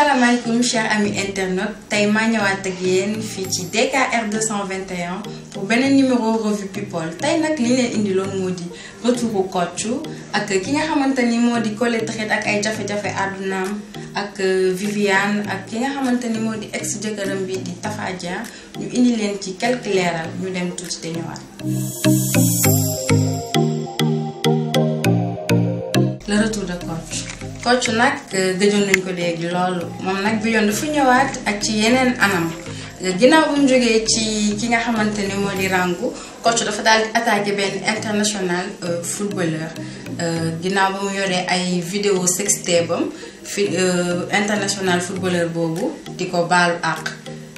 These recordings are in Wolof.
asalaamaaleykum chers amis internautes tey maa ñëwaat ak yéen fii ci DKR 221 pour beneen numéro revue people tey nag li leen indiloon moo di retouru Kocc ak ki nga xamante ni moo di Collé Trait ak ay jafe-jafe àddunaam ak euh, Viviane ak ki nga xamante ni moo di ex jëkkëram bi di Tafa Dia ñu indi leen ci quelques leeral ñu dem tuuti te ñëwaat. le retour de Kocc. Kocc nag euh, gëjoon nañ ko léegi loolu moom nag bi yoon dafa ñëwaat ak ci yeneen anam ginnaaw bu mu jógee ci ki nga xamante ni moo di Rangou Kocc dafa daal di attaqué benn international euh, footballeur euh, ginnaaw ba mu yore ay vidéo sextape am fi international footballeur boobu di ko bal àq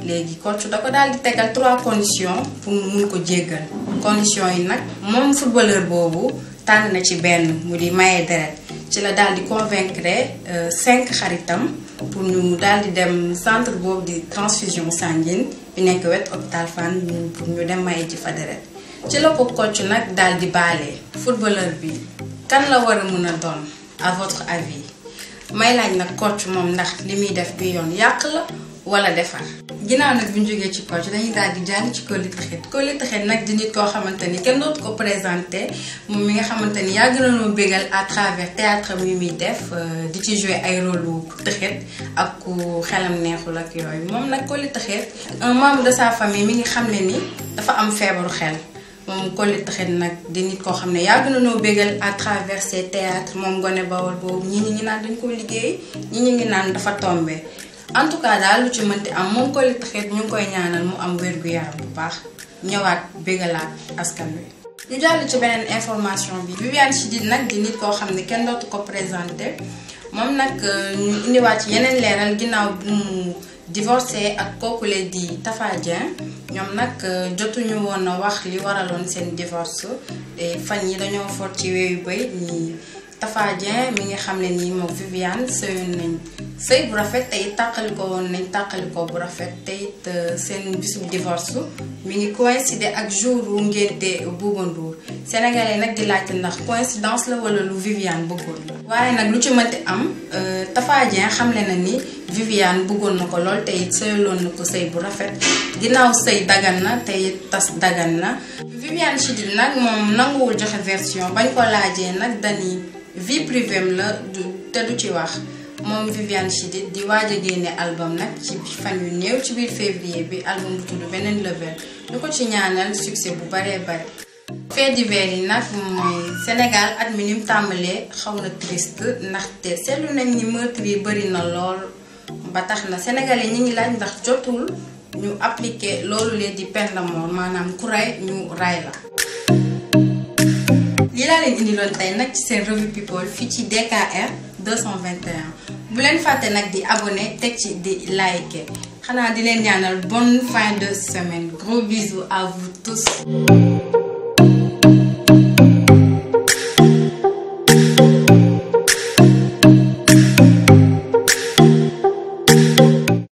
léegi Kocc da ko daal di tegal trois conditions pour mu ko jéggal conditions yi nag moom footballeur boobu. tànn na ci benn mu di maye deret ci la daal di convaincre euh, cinq xaritam pour ñu mu daal di dem centre boobu di transfusion sanguine bi nekk wet hôpital Fann pour ñu dem maye ji fa deret ci la ko coach nag daal di baale footballeur bi kan la war a mun a doon à votre avis may laaj nag coach moom ndax li muy def bi yoon yàq la wala defar ginnaaw nag bu ñu jógee ci poche dañuy daal di jàll ci Coly Texet Coly Texet nag di nit koo xamante ni kenn dootu ko présenté moom mi nga xamante ni yàgg na noo bégal à travers théâtre muy def euh, di ci joué ay rôle ku ak ku xelam neexul ak yooyu moom nag Coly Texet un membre de sa mi ngi xamle ni dafa am feebaru xel moom Coly Texet nag di nit koo xam ne yàgg na noo bégal à travers théâtre moom gone bawol boobu ñii ñi ngi naan dañ koo liggéey ñi ñi ngi naan dafa tombé. en tout cas daal lu ci mënti am moom Coly Traite ñu ngi koy ñaanal mu am wér gu yaram bu baax ñëwaat bégalaat askan wi. ñu jàll ci beneen information bi Viviane Chidid nag di nit koo xam ne kenn dootu ko présenté moom nag euh, ñu indiwaat ci yeneen leeral ginnaaw bu mu divorcé ak kookule di Tafa Dieng ñoom nag euh, jotuñu woon wax li waraloon seen divorce fan yi dañoo for ci weeyu bëy Tapha Dieng mi nga xam ne nii moom Viviane sëyoon nañ sëy bu rafet tey tàqali ko woon nañ tàqali bu rafet tey euh, seen bisub divorce mu ngi coïncider ak jour wu ngénte Bouba sénégalais nag di laajte ndax coïncidence la wala lu Viviane bëggoon la. waaye nag lu ci mënti am euh, Tapha Dieng xamle na ni Viviane bëggoon na ko lool tey it sëyaloon na ko sëy bu rafet ginnaaw sëy dagan na tey it tas dagan na. Viviane Chidid nag moom nanguwul joxe version bañ ko laajee nag dani vie privée la du te du ci wax. moom Viviane Chidid di waaj a génne album nag ci fan yu néew ci biir février bi album bu tudd beneen level ñu ko ci ñaanal succès bu baree bare fait divers yi nag mooy Sénégal at mi tàmbalee xaw na triste ndaxte seetlu nañ ni meurtre yi bëri na lool ba tax na sénégalais ñi ngi laaj ndax jotul ñu appliqué loolu lee di peine maanaam ku ray ñu ray la. lii laa leen indiloon tey nag ci seen revue people fii ci DKR 221 bu leen fàtte nag di abonné teg ci di like xanaa di leen ñaanal bonne fin de semaine gros bisous à vous tous.